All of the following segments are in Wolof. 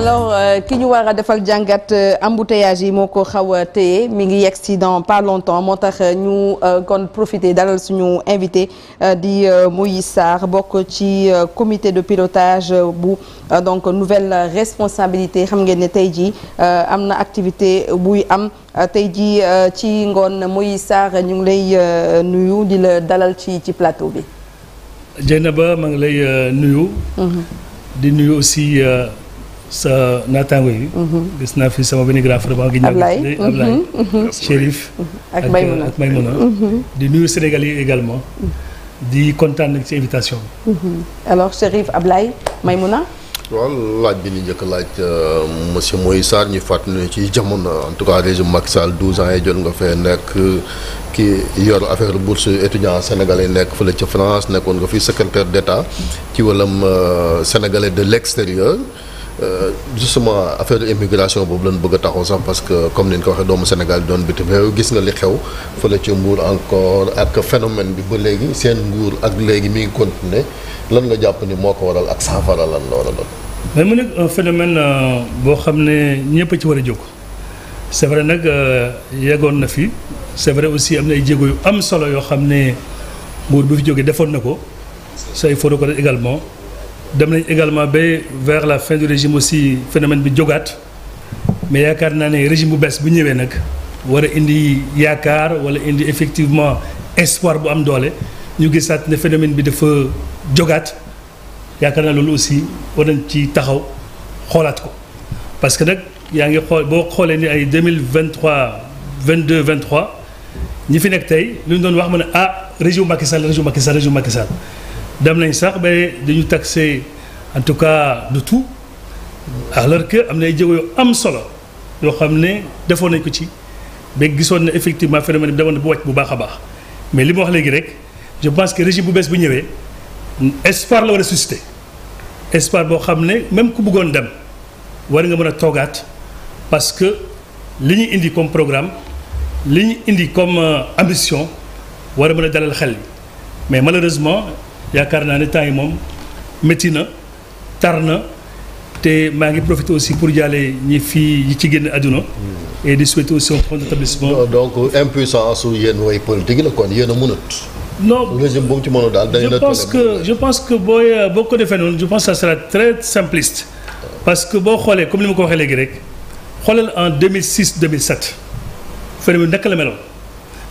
alors euh, ki ñu war a defal jàngat euh, embouteillage yi moo ko xaw a téye mi ngi yegg si dans pas longtemps moo tax euh, ñu kon profiter dalal suñu invité di Moïse Sarr bokk ci comité de pilotage bu donc nouvelle responsabilité xam ngeen ne tey jii am na activité buy am tey jii ci ngoon Moïse Sarr ñu ngi lay nuyu di la dalal ci ci plateau bi. Dieynaba maa ngi lay nuyu. Mhm. di nuyu aussi. sa naataango yi. Mhm. gis naa fi sama benn grand frère maa ngi. Ablaye Ablaye. Mhm. Mhm. ak Maymuna ak Maymuna di nuyu Sénégal yi également. di kontaan nag ci invitation bi. alors Chérif Ablaye a waaw laaj bi ni njëkk laaj euh, monsieur Moïse Sarr ñu ni ci jamono en tout cas régime Macky Sall 12 ans yi jot nga fee nekk ki yor affaire bourse étudiant yi nekk fële ca France nekkoon nga fi secrétaire d' état ci wàllum euh, sénégalais de l' Euh, justement affaire immigration boobu lan bëgg a taxaw sax parce que comme ni ñu ko waxee doomu Sénégal doon bitim réew gis nga li xew fële ci Mbuur encore ak phénomène bi ba léegi seen nguur ak léegi mi ngi continuer lan nga jàpp ni moo ko waral ak saafara lan la war a doon. mais mu nekk un euh, boo xam ne ñëpp ci war a jóg c'est vrai nag euh, yeggoon na fi c'est vrai aussi am na ay jéego yu am solo yoo xam ne nguur bi fi jógee defoon na ko say foro ko également. dem nañ également ba vers la fin du régime aussi phénomène bi jógaat mais yaakaar naa ne régime bu bees bu ñëwee nag war a indi yaakaar wala indi effectivement espoir bu am doole ñu gisaat ne phénomène bi dafa jógaat yaakaar naa loolu aussi war nañ ci taxaw xoolaat ko parce que nag yaa ngi xool boo xoolee ni ay 2023 22 23 ñi fi nekk tey lu ñu doon wax ma ne ah régime Macky Sall régime Macky Sall régime Macky dem nañ sax ba dañu taxé en tout cas de tout alors que am na ay jéego yu am solo loo xam ne defoon nañ ko ci ba gisoon na effectivement phénomène bi demoon na bu wàcc bu baax a baax mais li ma wax léegi rek je pense que régime bu bees bu ñëwee espoir la war a suscité espoir boo xam ne même ku bëggoon dem war nga mën a toogaat parce que li ñu indi comme programme li ñu indi comme euh, ambition war a mën a dalal xel bi mais malheureusement yaakaar naa ne temps yi moom métti na tar na te maa ngi profité aussi pour jàllee ñi fii ñi ci génn àdduna. et di souhaiter aussi un prompt rétablissement. donc impuissance su yéen way politique la kon yéen a mënut. no régime bu mu ci mënul daal dañu la. je que je pense que boo ko defee noonu je pense que ça sera simpliste. parce que boo xoolee comme ni ma ko waxee léegi rek xoolal en 2006 2007 phénomène naka la meloon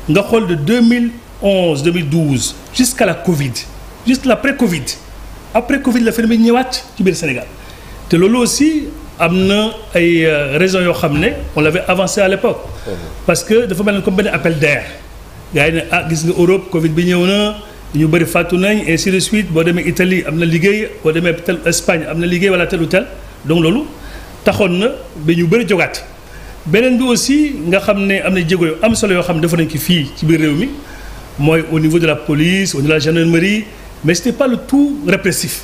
nga xool de 2011 2012 jusqu'à la Covid. juste la pré Covid après Covid la phénomène ñëwaat ci biir Sénégal te loolu aussi am na ay euh, raisons yoo xam ne on l'avait avancé à l'époque mhm. parce que dafa mel ne comme benn appel d'air gars yi ne ah gis nga Europe Covid bi ñëw na ñu bëri fàttu nañ et ainsi de suite boo demee Italie am na liggéey boo demee tel Espagne am na liggéey wala tel ou tel donc loolu taxoon na ba ñu bëri jogaat beneen bi aussi nga xam ne am na jéego yu am solo yoo xam ne dafa nañ ko fii ci biir réew mi mooy au niveau de la police au niveau de la gendarmerie mais c'était pas le tout répressif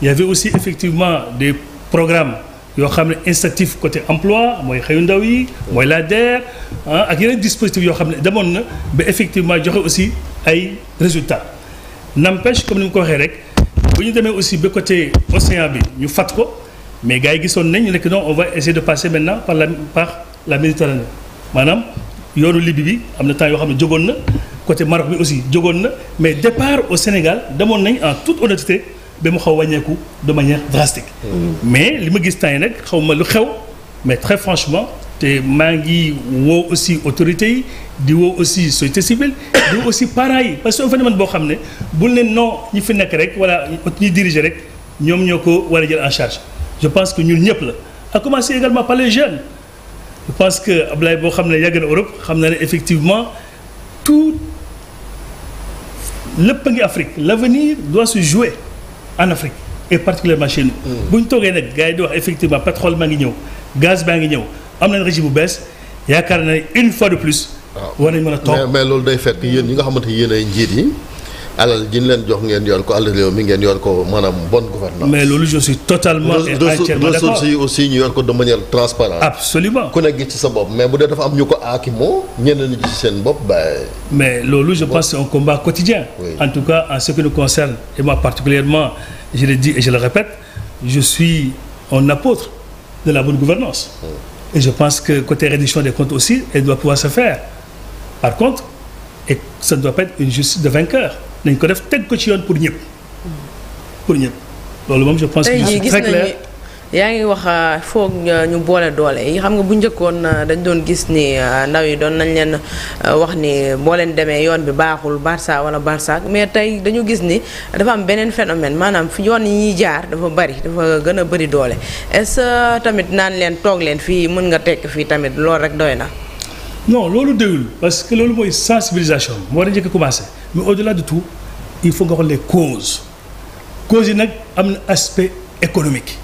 il y aussi effectivement des programme yoo xam ne incitatif côté emploi mooy xëyu ndaw yi mooy la DER ak yeneen dispositifs yoo xam ne demoon na ba effectivement joxe aussi ay résultats n'empêche comme ni mu ko waxee rek bu ñu demee aussi ba côté océan bi ñu fat ko mais gars yi gisoon nañ ñu nekk non on va essayer de passer maintenant par la par la Méditerranée maanaam yoonu Libye bi am na temps yoo xam ne jogoon na côté Maroc bi aussi jógoon na mais départ au Sénégal demoon nañ en toute honnêteté ba mu xaw wàññeeku de manière drastique. Hmm. mais li ma gis temps yi xaw ma lu xew mais très franchement te maa ngi woo aussi autorités yi di woo aussi société civile di woo aussi parents yi parce que phénomène boo xam ne bul ne non ñi fi nekk rek wala ñi dirigé rek ñoom ñoo ko war a jël en charge je pense que ñun ñëpp la a commencer également par les jeunes je pense que Ablaye boo xam ne yàgg na xam na ne effectivement tout. lépp ngi Afrique l' avenir doit se jouer en Afrique et particulièrement chez nous. Mm. bu ñu toogee di wax effectivement pétrole maa ngi ñëw gaz baa ngi ñëw am nañ régime bu bees yaakaar na une fois de ah. war nañ mën a toog mais loolu day fekk yéen ñi nga xamante ni yéen ay njiit yi. alal ji leen jox ngeen yoon ko alal réew ngeen yoon ko maanaam bonne gouvernance mais loolu je suis totalement et entièrement d'accord ressources yi aussi ñu yoon ko de manière transparente absolument ku nekk gis ci sa bopp mais bu dee am ñu ko aakimoo ñeneen ñi ci seen bopp mais loolu je pense c'est un combat quotidien en tout cas en ce qui nous concerne et moi particulièrement je le dis et je le répète je suis un apôtre de la bonne gouvernance hmm. et je pense que côté reddition des comptes aussi elle doit pouvoir se faire par contre et ça ne doit pas être une justice de vainqueur nañ ko def teg ko ci yoon pour ñëpp pour ñëpp loolu moom je pense que c'est très clair yaa ngi wax euh, foog ñu boole doole yi xam nga bu njëkkoon euh, dañ doon gis ni euh, ndaw yi doon nañ leen wax ni boo leen demee yoon bi baaxul Barça wala Barça mais tey dañu gis ni dafa am beneen phénomène maanaam fi yoon yi ñuy jaar dafa bari dafa gën a bari doole est tamit naan leen toog leen fii mën nga tekk fii tamit lool rek doy na. non loolu déwul parce que loolu mooy sensibilisation moo war mais au-delà de tout il faut nga xool les causes causes yi nag am na aspect économique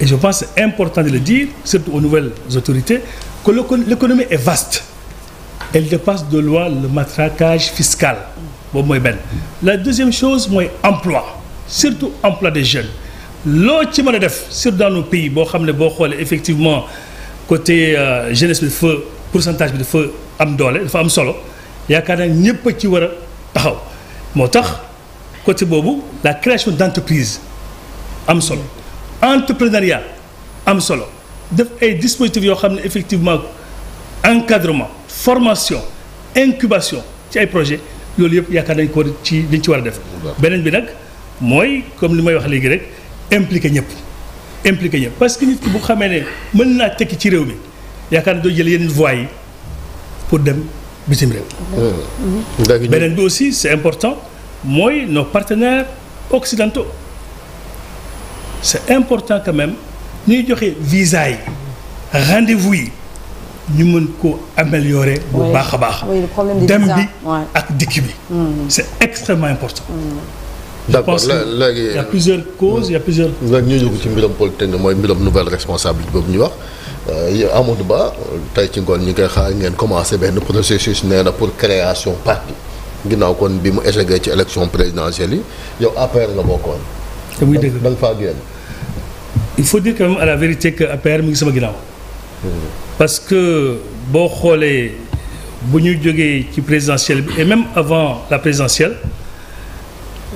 et je pense c'est important de le dire surtout aux nouvelles autorités que l'économie est vaste elle dépasse de loin le matraquage fiscal boobu mooy benn la deuxième chose mooy emploi surtout emploi des jeunes loo ci mën a def surtout dans nos pays boo xam ne boo xoolee effectivement côté euh, jeunesse bi dafa pourcentage bi dafa am doole dafa am solo yaakaar naa ñëpp ci war a taxaw moo tax côté boobu la création d'entreprise am solo entrepreneuriat am solo def ay dispositifs yoo xam ne effectivement encadrement formation incubation ci ay projet loolu yëpp yaakaar nañ ko ci liñ ci war a def beneen bi nag mooy comme li may wax léegi rek impliqué ñëpp impliqué ñëpp parce que nit ki bu xamee ne mën naa tekki ci réew mi yaakaar na doo jël yeneen voies yi pour dem bitim réew. Hmm. beneen bi aussi c'est important mooy nos partenaires occidentaux c'est important quand même ñuy joxe visa yi rendez-vous yi ñu mën ko améliorer. bu baax a baax. dem bi ak dikk bi. Hmm. c'est extrêmement important. d'accord hmm. léegi il y a plusieurs causes il y a plusieurs. léegi ñu ñëw ci mbiram politique mooy mbiram nouvelle responsabilité boobu ñu wax. Euh, Amadou Ba tey ci ngoon ñu ngi koy xaar ngeen commencé benn processus nee na pour création parti ginnaaw kon bi mu échoué ci élection présidentielle yi yow APR nga bokkoon. te muy dëgg da nga faa génn. il faut dire quand même à mu ngi sama ginnaaw. Hmm. que boo xoolee bu ñu jógee ci présidentielle bi et même avant la présidentielle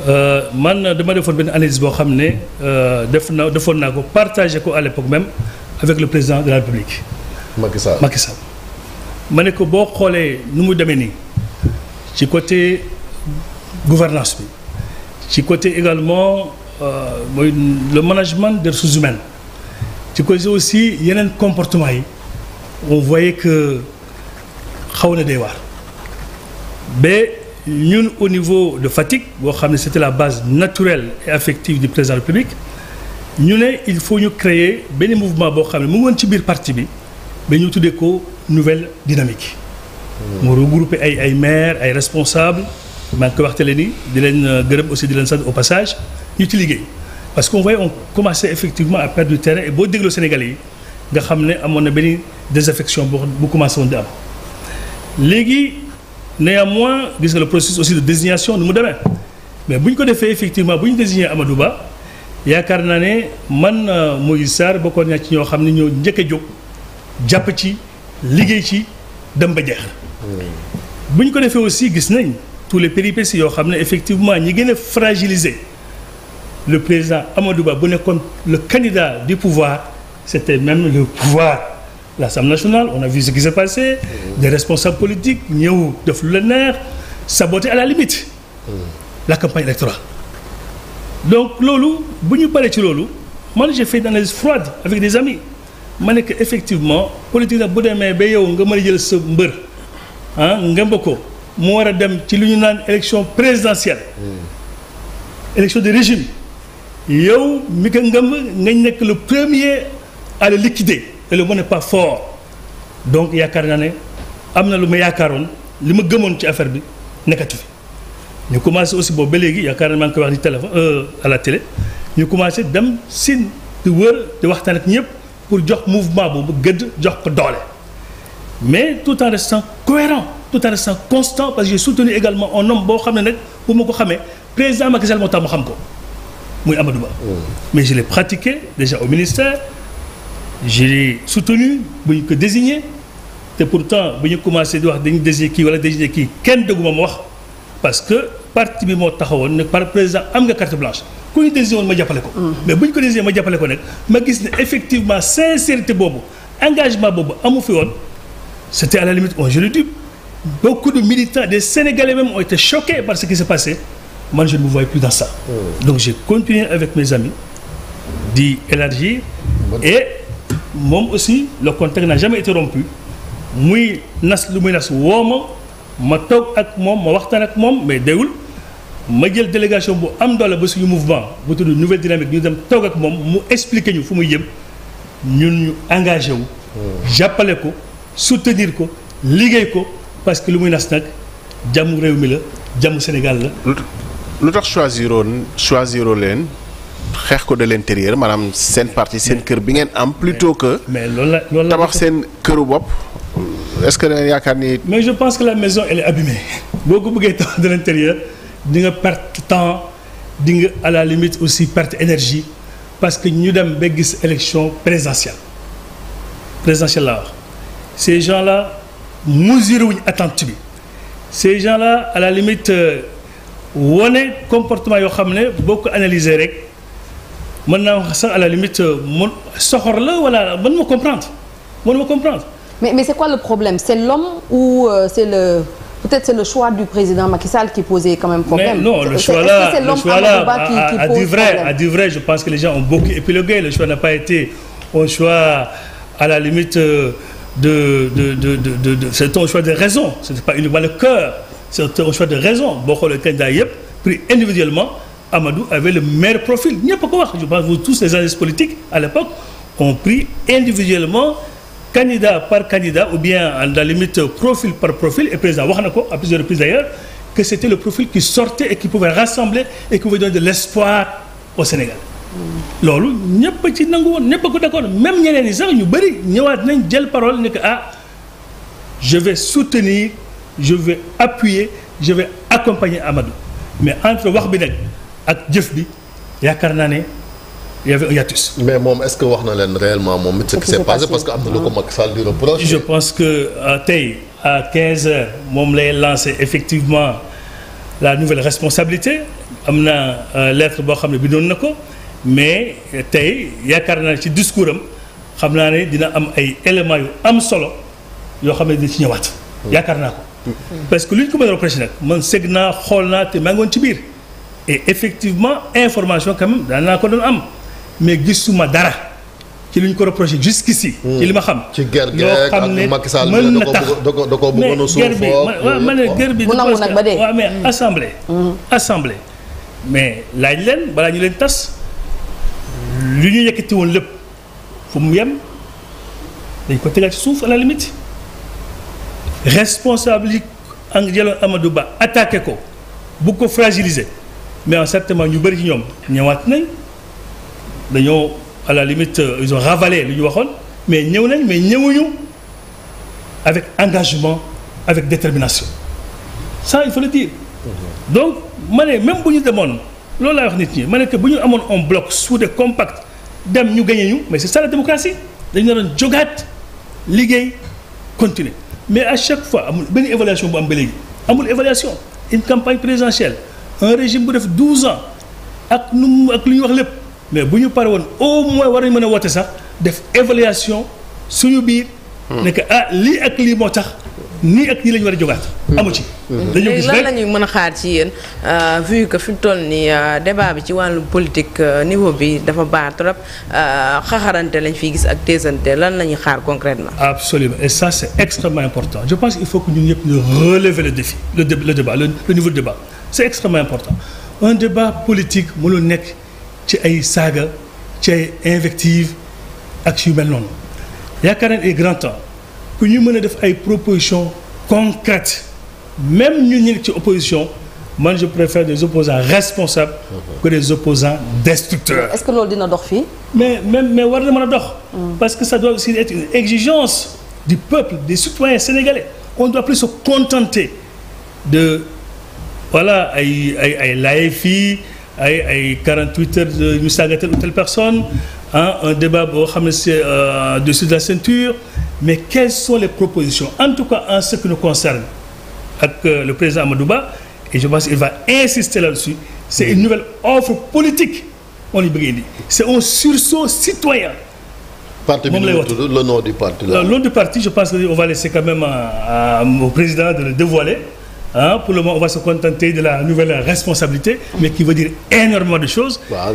euh, man dama defoon benn analyse boo xam ne euh, def na defoon naa ko partagé ko à l'époque même. avec le président de la République. Macky Sall Macky ma ne ko boo xoolee nu mu demee nii ci côté gouvernance bi ci côté également euh, mooy le management des ressources humaines ci côté aussi yeneen comportement yi on voyait que xaw na day waar mais ñun au niveau de Fatick boo xam ne c'était la base naturelle et affective du président République ñu ne il faut ñu créer benn mouvement boo xam ne mu ngi woon ci biir parti bi ba ñu tuddee ko nouvelle dynamique. Hmm. mu regroupé ay ay maire ay responsable maa ngi koy waxtaanee ni di leen euh, gërëm aussi di leen sant au passage ñu ci liggéey parce que on voyait on commençait effectivement à perdre du terrain et boo dégloo sénégal yi nga xam ne amoon na benn désaffection boo bu commencé woon di am léegi néanmoins gis nga le processus aussi de désignation nu mu demee mais bu ñu ko defee effectivement bu ñu désigné Amadou Ba. yaakaar naa ne man na mooy Sarr bokkoon naa ci ñoo xam ne ñoo njëkk a jóg jàpp ci liggéey ci dem ba jeex. bu ñu ko defee aussi gis nañ tous les péripéties yoo xam ne effectivement ñi gën a fragilisé le président Amadou bu nekkoon le candidat du pouvoir c' était même le pouvoir l' national on a vie ce qui s' est passé. des responsables politiques ñëw def lu la neex saboter à la limite. la campagne électorale. donc loolu bu ñu paree ci loolu man j'ai fait une analyse froide avec des amis ma nekk effectivement politique nag bu demee ba yow nga mën a jël sa mbër ah ngëmb ko mu war a dem ci li ñu naan élection présidentielle. Hmm. élection de régime yow mi ko ngëmb nga nekk le premier à le liquider et le mot pas fort donc yaakaar naa ne am na lu ma yaakaaroon li ma gëmoon ci affaire bi nekkatu ñu commencé aussi boobu ba léegi yaakaar na maa ngi koy wax di téléphone euh, à la télé ñu commencé dem sin di wër di waxtaan ak ñëpp pour jox mouvement boobu gëdd jox ko doole mais tout en restant cohérent tout en restant constant parce que j'ai soutenu également un homme boo xam ne nag bu ma ko xamee président Macky Sall moo tax xam ko muy Amadou Ba oh. mais je l'ai pratiqué déjà au ministère je l'ai soutenu bu ñu ko désigné te pourtant bu ñu commencé di wax dañu désigné kii wala désigné kii kenn dégguma ma wax parce que parti bi moo taxawoon ne par président am nga carte blanche ku ñu décision ma jàppale ko. Mm-hmm. mais bu ñu ko décision ma jàppale ko nag ma gis ne effectivement sincérité boobu engagement boobu amu fi woon c' était à la limite un jeu de dupe beaucoup de militants des sénégalais même ont été choqués par ce qui s' est passé man je ne me voyais plus dans ça. Mm. donc j'ai continué avec mes amis di élargir. et moom aussi le contact n'a jamais été rompu muy nas lu ma ma toog ak moom ma waxtaan ak moom mais dayul ma jël délégation bu am doole ba suñu mouvement bu tudd nouvelle dynamique ñu dem toog ak moom mu expliquer ñu fu muy jëm ñu engagé wu. Hmm. jàppale ko soutenir ko liggéey ko parce que lu muy nas nag jàmm réew mi la jàmm Sénégal la. lu tax choisiroon choisiro leen xeex ko de l'intérieur maanaam seen parti seen kër bi ngeen am. plutôt que mais loolu la loolu la tabax seen këru bopp. est-ce que da yaakaar ni. mais je pense que la maison elle est abîmée boo ko bëggee tabax de l'intérieur di nga perte temps di nga à la limite aussi perte énergie parce que ñu dem ba gis élection présidentielle présidentielle laa wax ces gens la mesuré wuñ attente bi ces gens la à la limite euh, wone comportement yoo xam ne boo ko analyser rek mën naa wax sax à la limite euh, mun soxor la wala mën ma comprendre mën ma comprendre. mais mais c'est quoi le problème c'est l'homme ou euh, c'est le peut-être c'est le choix du président Macky Sall qui posait quand même problème. Mais non le choix là le choix là à, à, à du vrai problème? à du vrai je pense que les gens ont beaucoup épilogué le choix n'a pas été un choix à la limite de euh, de de de de, de, de c'est un choix de raison c'est pas uniquement le cœur c'est un choix de raison boo xoolee candidat yëpp pris individuellement Amadou avait le meilleur profil ñëpp a ko wax je pense que tous les analystes politiques à l'époque ont pris individuellement. candidat par candidat ou bien à la limite profil par profil et président wax na ko à plusieurs reprises d'ailleurs que c'était le profil qui sortait et qui pouvait rassembler et qui pouvait donner de l'espoir au Sénégal loolu ñëpp ci nangu woon ñëpp a ko même ñeneen ñi sax ñu bëri ñëwaat nañ jël parole ne que ah je vais soutenir je vais appuyer je vais accompagner Amadou mais entre wax bi nag ak jëf bi yaakaar naa ne il y avait mais moom est que wax na leen réellement moom ce qui s'est passé parce que am na lu ko Macky di reproche. je pense que euh, tey à 15 heures moom lay lancé effectivement la nouvelle responsabilité am na euh, lettre boo xam ne bindoon na ko mais euh, tey yaakaar naa ne ci discours am xam naa ne dina am ay éléments yu am solo yoo xam ne dina ci ñëwaat. yaakaar naa ko. parce que lu ñu ko mën a reproché nag man sëgg naa xool naa te maa ngi ci biir et effectivement information quand même naa ko doon am. mais gisuma dara ci li ñu ko reproché jusqu'ici hmm. ci li ma xam. ci guerre gi ak Macky Sall mën na tax da ko da ko bëggoon a suuf foofu mais guerre bi waaw man dee. waaw mais hmm. assemblée. Hmm. assemblée mais laaj leen balaa ñu leen tas lu ñu yëkkati woon lépp fu mu yem dañ ko tegaat ci suuf à la limite responsable yi ang jëloon Amadou Ba attaqué ko bu ko fragiliser mais certainement ñu bëri ci ñoom ñëwaat nañ. dañoo à la limite euh, ils ont ravalé li ñu waxoon mais ñëw nañ mais ñëwuñu avec engagement avec détermination ça il faut le dire donc ma ne même bu ñu demoon loolu laay wax nit ñi ma ne bu ñu amoon un bloc soudé compact dem ñu gagné ñu mais c'est ça la démocratie dañu doon jogaat liggéey continuer mais à chaque fois amul benn évaluation bu am ba léegi amul évaluation une campagne présidentielle un régime bu def 12 ans ak nu ak lu ñu wax lépp. mais bu ñu pare woon au moins war nañu mën a woote sax def évaluation suñu biir. Hmm. ne ah lii ak lii moo tax nii ak nii la war a jógaat. Hmm. amu ci. Hmm. dañoo gis lan la ñuy mën a xaar ci yéen euh, vu que fi mu toll nii euh, débat bi ci wàllu politique euh, niveau bi dafa baax trop xaxarante lañu fiy gis ak téesante lan la ñuy xaar concrètement. absolument et ça c' est extrêmement important je pense qu'il faut que ñun ñëpp ñu relever le défi le débat le niveau débat c' est extrêmement politique mënul nekk. ci ay saaga ci ay invective ak yu mel noonu yaakaar naa ne grand temps que ñu mën a def ay propositions concrètes même ñu nekk ci opposition ma je préfère des opposants responsables mhm. que des opposants destructeurs. est-ce que loolu dina dox fii. mais même mais war na mën a dox. Mm. parce que ça doit aussi être une exigence du peuple des citoyens sénégalais on doit plus se contenter de voilà ay ay ay laay fii. ay ay 48 heures ñu saaga telle ou telle personne débat boo xam ne c'est euh, dessus mais quelles sont les en tout cas en ce qui ak euh, le président Amadou Ba et je pense qu'il va insister là-dessus on li bëgg indi c'est un sursaut citoyen moom lay wax le je pense que on va laisser quand même à, euh, à, au président ah pour le moment on va se contenter de la nouvelle responsabilité. mais qui veut dire énormément de choses. ah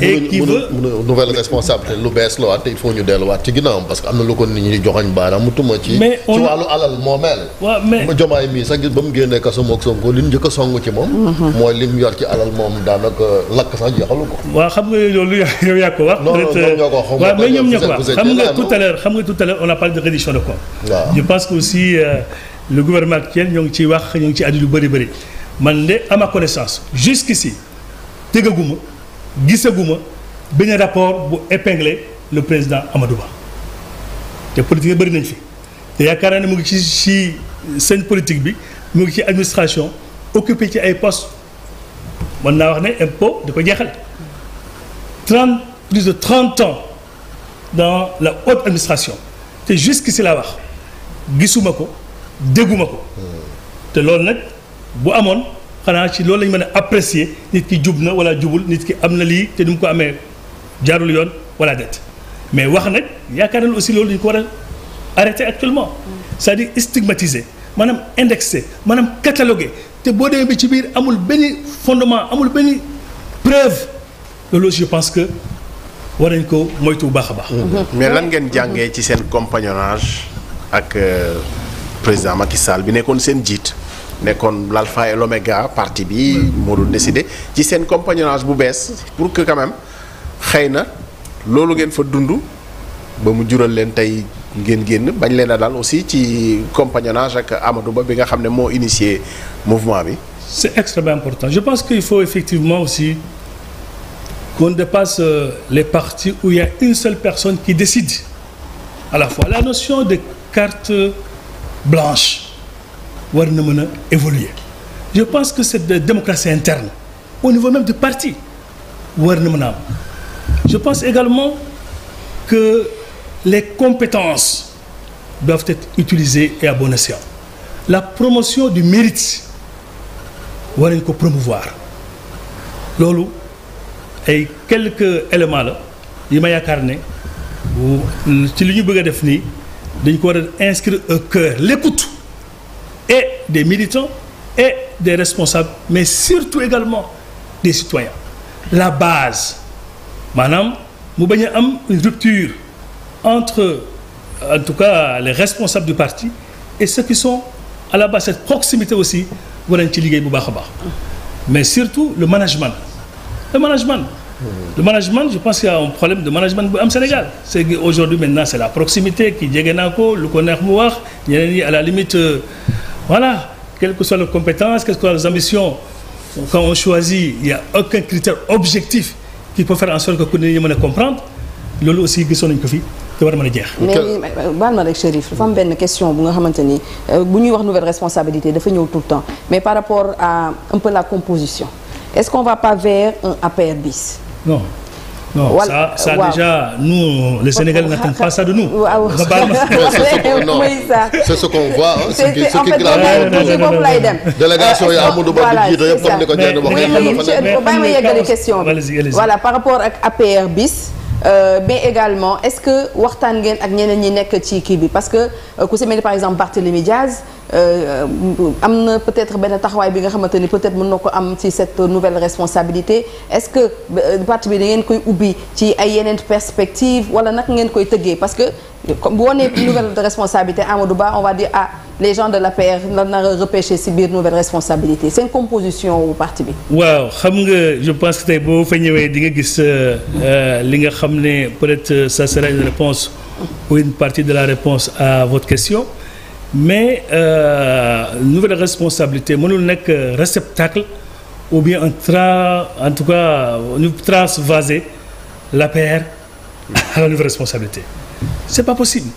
et qui veut nouvelle responsabilité lu bees la waat te il faut ñu delluwaat ci ginnaawam parce que am na lu ko nit ñi joxañ baaraam tuma ci. mais ci wàllu alal moo mais jomaay mii sax ba mu génnee kaso moog Sonko li ñu njëkk a song ci moom. Mhm. mooy lim yor ci alal moom daanaka lakk sax jeexalu ko. waaw xam nga loolu yow yaa ko wax. non non a parlé le gouvernement actuel ñoo ngi ciy wax ñoo ngi ci àddi lu bari bëri man de à ma connaissance jusqu'ici tegaguma gisaguma benn rapport bu épinglé le président Amadou Ba te politique yi bëri nañ fi te yaakaar naa ne mu ngi ci ci seen politique bi mu ngi ci administration occupé ci ay post mën naa wax ne impôt da ko jeexal trente plus de trente ans dans la haute administration te jusqu'ici laa wax gisuma ko dégguma ko te loolu nag bu amoon xanaa ci loolu lañ mën a apprécier nit ki jub na wala jubul nit ki am na lii te du mu ko amee jaarul yoon wala det mais wax nag yaakaar nañu aussi loolu dañu ko war a arrêté actuellement c'est-à-dire stigmatiser maanaam indexé maanaam catalogué te boo demee bi ci biir amul benn fondement amul benn preuve loolu je pense que war nañ ko moytu bu baax a baax. Mm-hmm. mais lan ngeen jàngee ci seen compagnonnage ak. Euh, président Macky Sall bi nekkoon seen jiit nekkoon l'alpha et l'oméga parti bi moo doon décidé ci seen compagnonnage bu bees pour que quand même xëy na loolu ngeen fa dund ba mu jural leen tey ngeen génn bañ leen la daal aussi ci compagnonnage ak Amadou Ba bi nga xam ne moo initié mouvement bi. c'est extrêmement important je pense qu'il faut effectivement aussi qu'on dépasse euh, les partis où il y a une seule personne qui décide à la fois la notion de carte. blanche war na mën a évoluer je pense que cette démocratie interne au niveau même du parti war na mën a am je pense également que les compétences doivent être utilisées et à la promotion du mérite war nañ ko promouvoir loolu ay quelque éléments la yi ma yaakaar ne ci li ñu bëgg a def nii dañ ko war a inscrire au cœur l'écoute et des militants et des responsables mais surtout également des citoyens la base maanaam mu bañ a am une rupture entre en tout cas les responsables du parti et ceux qui sont à la base cette proximité aussi war nañ ci liggéey bu baax a baax mais surtout le management le management le management je pense qu'il y a un problème de management bu am Sénégal c'est la proximité ki jege naa ko lu ko neex mu wax ñeneen ñi la limite euh, voilà quelles que soient les compétences quelles que soient les ambitions on choisit il y objectif qui peut faire en que ku ne ñu mën a comprendre loolu aussi gisoon nañu ko fi te war a mën a jeex. mais baal ma rek Chérif dafa am benn question bu nga xamante ni euh, bu ñuy wax nouvelle responsabilité dafa ñëw tout le temps mais par rapport à un peu la composition est-ce qu'on bis. non. non voilà ça ça déjà nous le Sénégal n'attend pas ça de nous. waaw c'est ce qu'on voit c'est ce qui lay dem. Euh, délégation yi ah, Amadou Ba di jiite yëpp comme ni ko Dieng waxee. mais mais mais mais voilà par rapport ak bis. Euh, mais également est-ce que waxtaan ngeen ak ñeneen ñi nekk ci kii bi parce que euh, ku si mel ni par exemple Barthélémy Diaz euh, am na peut-être benn taxawaay bi nga xamante ni peut-être mun na ko am ci cette nouvelle responsabilité est-ce que barte bi da ngeen koy ubbi ci ay yeneen perspective wala nag ngeen koy tëggee parce que comme boo nee nouvelle de responsabilité Amadou Ba on va dire ah les gens de l la nar a repêché si biir nouvelle responsabilité seen composition wu parti bi. waaw xam nga je pense que tey boo fa ñëwee di nga gis euh, euh, li nga xam ne peut-être euh, ça sera une réponse ou une partie de la réponse à votre question mais euh, nouvelle responsabilité mënul nekk réceptacle ou bien tra en tout cas ñu transvaser l'APR à la nouvelle responsabilité. c'est pas possible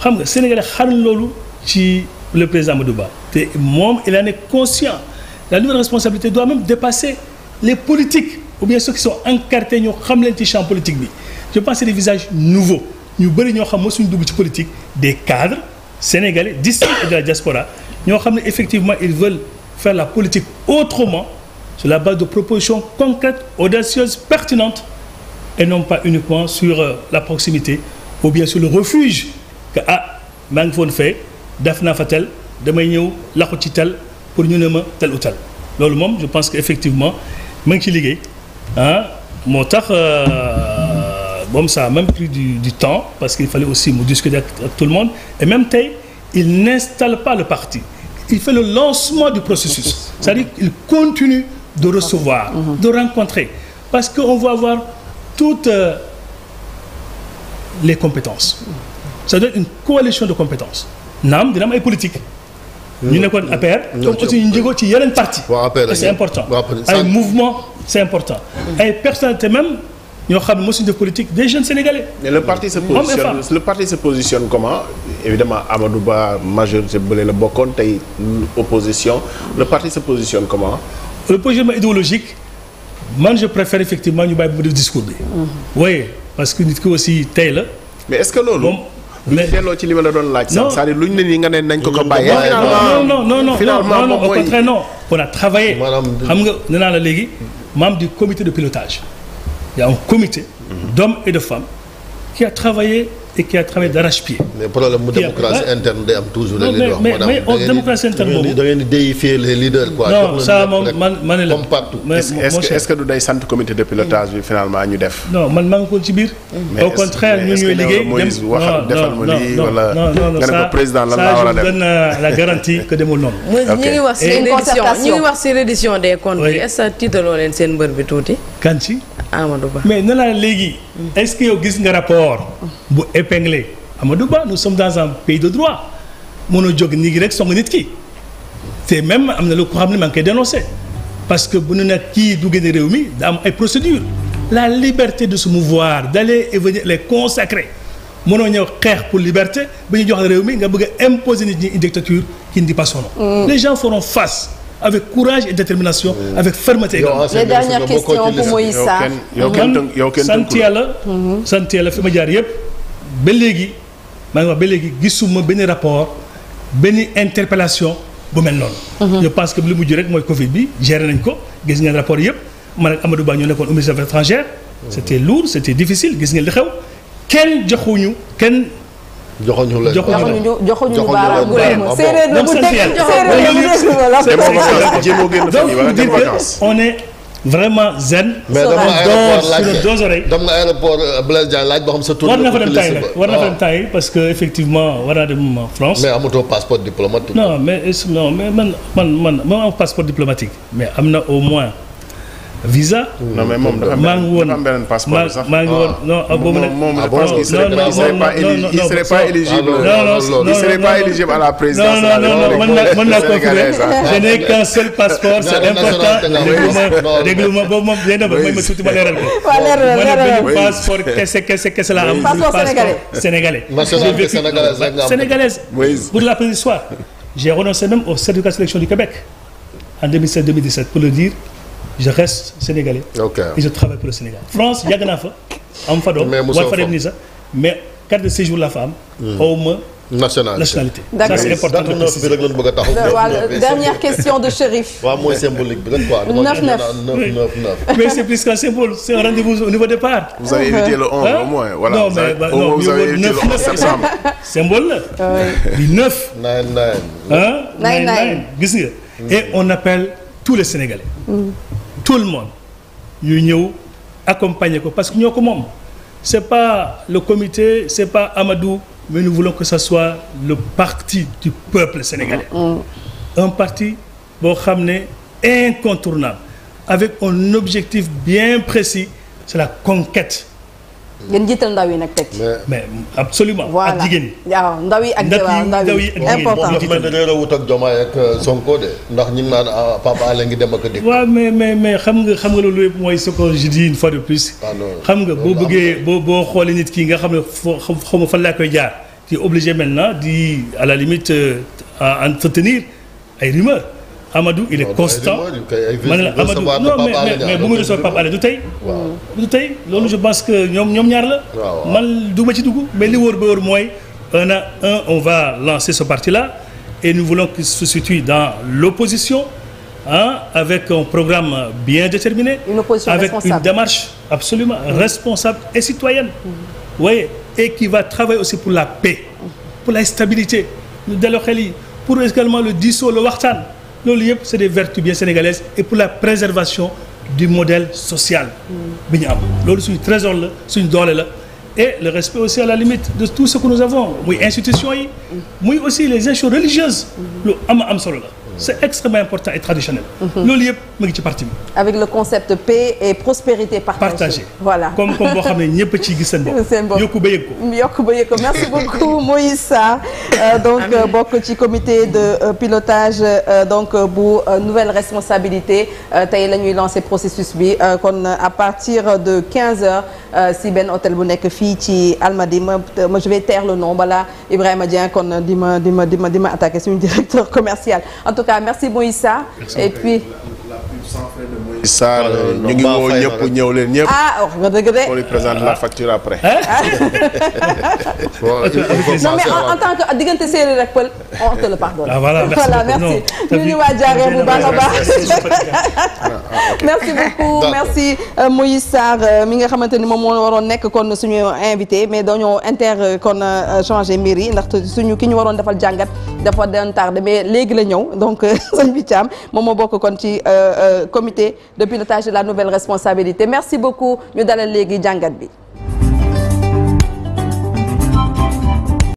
xam nga sénégalais xaruñ loolu ci le président Amadou Ba te moom il en est conscient la nouvelle responsabilité doit même dépasser les politiques ou bien ceux qui sont encartés ñoo xam leen ci champ politique bi je pense c'est des visages nouveaux ñu bëri ñoo xam moo suñu dugg ci politique des cadres sénégalais d'ici et de la diaspora ñoo xam ne effectivement ils veulent faire la politique autrement sur la base de propositions concrètes audacieuses pertinentes et non pas uniquement sur euh, la proximité ou bien sur le refuge que ah maa ngi foon fee def fa tel damay ñëw laxu ci tel pour ñu ne ma tel ou tel loolu moom je pense que effectivement ma ngi ci liggéey ah moo tax euh, moom ça a même pris du, du temps parce qu'il fallait aussi mu discuter ak tout le monde et même tey il n'installe pas le parti il fait le lancement du processus c'est-à-dire qu'il continue de recevoir mm-hmm. de rencontrer parce que va avoir toute euh, les compétences ça doit être une coalition de compétences naam dina am ay politique ñu nekkoon APR donc aussi ñu njëgoo ci yeneen parti et c'est important ay mouvement c'est important ay personnalité même ñoo xam ne mosuñu def politique des jeunes sénégalais. le parti se positionne le parti se positionne comment évidemment Amadou Ba majorité bële la bokkoon tey opposition le parti se positionne comment. le positionnement idéologique man je préfère effectivement ñu bàyyi ba mu def discours bi. Mm-hmm. oui parce que nit ki aussi tey la. mais est-ce que loolu. mais delloo ci li ma la doon laaj. non c'est-à-dire luñ ne nii nga ne nañ ko ko bàyyee. non non non non non non au contraire non. on a travaillé xam nga nee naa la léegi membre du comité de pilotage. il y a un comité. Mhm. d'hommes et de femmes qui a travaillé. et qui a travaillé d'arrache-pied. mais problème mu démocratie interne day am toujours. non mais mais mais on démocratie interne moom man man la comme partout. est est du day sant comité de pilotage bi finalement ñu def. non man maa ngi ci biir. au contraire ñu ñuy liggéey dem non non non ça ça je vous donne la garantie que demul noonu. ok ñu wax ci reddition ñu ngi est-ce tiitaloo leen seen mbër bi tuuti. kan ci. Amadou mais nee naa léegi. Mm. est-ce que yow gis nga rapport. Mm. bu épinglé Amadou Ba nous sommes dans un pays de droit mënoo jóg nii rek song nit ki te même am na lu ko xam ne maa ngi koy dénoncé parce que bu nu nag kii du génne réew mi da am ay procédures la liberté de se mouvoir d'aller et venir les consacrer mënoo ñëw xeex pour liberté ba ñu jox réew mi nga bëgg imposé imposer nit ñi une dictature qui ne dit pas mm. les gens feront face. avec courage et détermination mm. avec fermeté également. Ah, les dernières questions pour Moïse Sarr yow kenn mm-hmm. sant yàlla fi ma jaar yëpp ba léegi maa ngi wax ba léegi gisuma benn rapport benn interpellation bu mel noonu mm-hmm. je pense que li mujj rek mooy Covid bi géré nañ ko gis ngeen rapport yëpp man ak Amadou Ba ñoo nekkoon au ministère des mm-hmm. c'était lourd c'était difficile gis ngeen li kenn joxuñu kenn joxoñu la joxoñu baaraam séeréer la bu dégg séeréer la bu dégg voilà. c'est bon donc dire que on est vraiment zen. mais dama aéroport laaj dama aéroport euh, Blaise Diagne laaj boo xam sa tur. war na fa dem ah. parce que effectivement war naa dem France. mais amatoo passeport diplomatique. non mais euh, non mais man man man man am passeport diplomatique mais am na au moins. visa. non mais moom dafa am benn passeport sax maa ngi woon ah. non boobu nag. moom ah, je pense qu'il serait pas il serait pas éligible. il serait pas éligible à la présidence. non non non mën naa mën naa confirmer je n'ai qu'un seul passeport c'est important dégluma dégluma boobu moom day dama mooy ma tuuti ma leeral ko. waaw leeral la leeral la passeport kese kese kese la am. passeport sénégalais nationalité sénégalaise rek nga am sénégalaise. pour la petite histoire j'ai renoncé même au certificat de sélection du Québec en 2016 2017 pour le dire. je reste sénégalais. ok et je travaille pour le Sénégal. France ah. yàgg naa fa. am fa doom war fa dem nii sax mais carte de séjour la fa am. xaw hmm. ma. nationalité nationalité. ça c'est important de préciser bi rek lañ bëgg a taxaw. Euh, dernière question de Chérif. waaw mooy symbolique bi rek quoi. 9 9 9 mais c'est plus qu'un symbole c'est un rendez-vous au niveau départ. vous avez uh-huh. évité le 11 au moins. voilà non mais au moins vous avez évité le 11 septembre. symbole la. oui. 9. 9 9. 9 9 gis nga. et on appelle. tous les Sénégalais. tout le monde ñu ñëw accompagner ko parce que ñoo ko moom c'est pas le comité c'est pas Amadou mais nous voulons que ça soit le parti du peuple sénégalais. un parti boo xam ne incontournable avec un objectif bien précis c'est la conquête. ngeen jiital ndaw nag teg ci. mais absolument ak jigéen ñi. waaw ndaw yi ak jigéen ndaw yi important moom dafa mel wut ak Diomaye ak euh, Sonko de ndax ñu naan ah, Papa Alé ngi dem ak a waaw mais mais mais xam nga xam nga loolu yëpp mooy ce que fois de plus. Ah, xam nga boo bëggee boo boo xoolee nit ki nga xam ne foo xam ma fan laa koy jaar. tu es obligé maintenant di à la limite euh, entretenir ay rumeurs. Amadou il est constant ma ne la Amadou non mais mais bu muy recevoir Pape Alé du tey. du tey loolu je pense que ñoom ñoom ñaar la. man du ma ci dugg mais li wóor ba wóor mooy un à un on va lancer ce parti là et nous voulons qu'il se situe dans l'opposition ah avec un programme bien déterminé. une opposition avec responsable avec une démarche absolument mmh. responsable et citoyenne. Mmh. voyez et qui va travailler aussi pour la paix. Mm-hmm. pour la stabilité. ñu delloo xel yi pour également le diisoo le waxtaan. loolu yëpp c'est des vertus bien sénégalaises et pour la préservation du modèle social bi ñu am loolu suñu trésor la suñu doole la et le respect aussi à la limite de tout ce que nous avons muy institution yi muy aussi les institutions religieuses lu am am solo la c'est extrêmement important et traditionnel. Mhm. loolu yëpp mu ngi ci parti bi. avec le concept paix et prospérité partagée. partagée. voilà comme comme boo xam ne ñëpp ci gis seen bopp. seen bopp yokku ba yokku ba ko merci beaucoup Moïse Sarr euh, donc euh, bokk ci comité de euh, pilotage donc bu nouvelle responsabilité tey la ñuy lancer processus bi kon à partir de 15 heures si benn hôtel bu nekk fii ci Almadi ma ma je vais taire le nom balaa Ibrahima Dieng kon di ma di ma di ma di ma attaqué suñu directeur tout merci Moïssa. et Sarr ñu ngi woo ñëpp ñëw leen ñëpp. ah wax nga dëgg de. présente la facture après. en tant que diggante séeréer rek pël on te le pardonne. Ah, voilà merci ñu ngi waa jaaree bu baax a baax. merci beaucoup merci euh, Moïse euh, mi nga xamante ni moom moo waroon nekk kon suñu invité mais dañoo inter euh, kon changé mbir yi ndax suñu ki ñu waroon defal jàngat dafa doon tardé mais léegi la ñëw donc sëñ bi Thiam moom moo kon ci comité. de pilotage de la nouvelle responsabilité merci beaucoup ñu dalal léegi jàngat bi